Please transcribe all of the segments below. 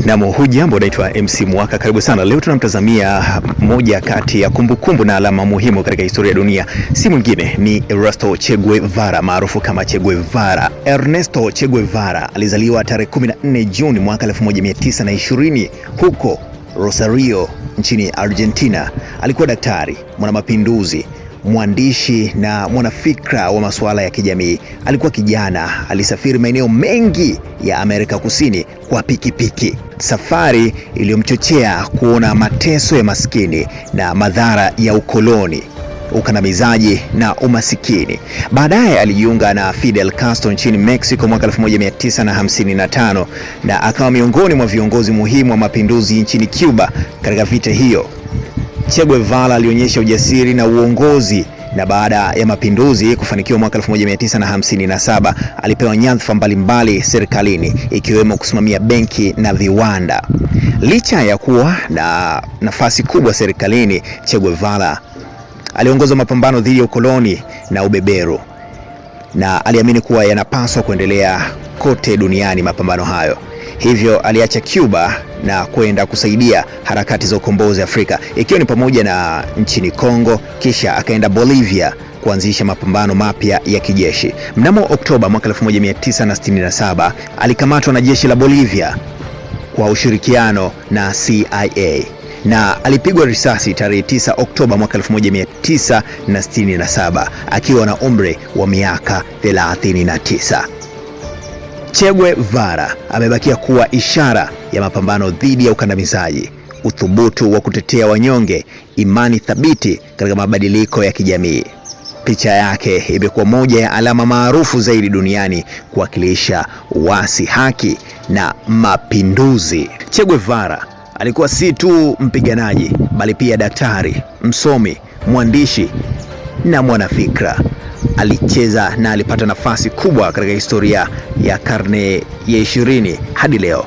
Nam, hujambo, naitwa MC Mwaka, karibu sana. Leo tunamtazamia moja kati ya kumbukumbu na alama muhimu katika historia ya dunia, si mwingine ni Ernesto Che Guevara maarufu kama Che Guevara. Ernesto Che Guevara alizaliwa tarehe 14 Juni mwaka 1920 huko Rosario nchini Argentina. Alikuwa daktari, mwanamapinduzi mwandishi na mwanafikra wa masuala ya kijamii. Alikuwa kijana, alisafiri maeneo mengi ya Amerika Kusini kwa pikipiki piki. Safari iliyomchochea kuona mateso ya maskini na madhara ya ukoloni ukandamizaji na umasikini. Baadaye alijiunga na Fidel Castro nchini Mexico mwaka 1955 na, na akawa miongoni mwa viongozi muhimu wa mapinduzi nchini Cuba katika vita hiyo. Che Guevara alionyesha ujasiri na uongozi na baada ya mapinduzi kufanikiwa mwaka 1957 alipewa nyadhifa mbalimbali serikalini ikiwemo kusimamia benki na viwanda. Licha ya kuwa na nafasi kubwa serikalini, Che Guevara aliongoza mapambano dhidi ya ukoloni na ubeberu na aliamini kuwa yanapaswa kuendelea kote duniani mapambano hayo hivyo aliacha Cuba na kwenda kusaidia harakati za ukombozi Afrika, ikiwa ni pamoja na nchini Kongo, kisha akaenda Bolivia kuanzisha mapambano mapya ya kijeshi. Mnamo Oktoba mwaka 1967 alikamatwa na jeshi la Bolivia kwa ushirikiano na CIA na alipigwa risasi tarehe 9 Oktoba mwaka 1967 akiwa na umri wa miaka 39. Che Guevara amebakia kuwa ishara ya mapambano dhidi ya ukandamizaji, uthubutu wa kutetea wanyonge, imani thabiti katika mabadiliko ya kijamii. Picha yake imekuwa moja ya alama maarufu zaidi duniani kuwakilisha uasi, haki na mapinduzi. Che Guevara alikuwa si tu mpiganaji, bali pia daktari, msomi, mwandishi na mwanafikra alicheza na alipata nafasi kubwa katika historia ya karne ya ishirini hadi leo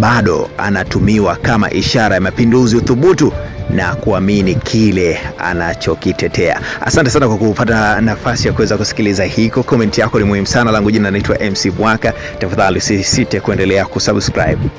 bado anatumiwa kama ishara ya mapinduzi, uthubutu na kuamini kile anachokitetea. Asante sana kwa kupata nafasi ya kuweza kusikiliza hiko. Komenti yako ni muhimu sana. Langu jina naitwa MC Bwaka. Tafadhali usisite kuendelea kusubscribe.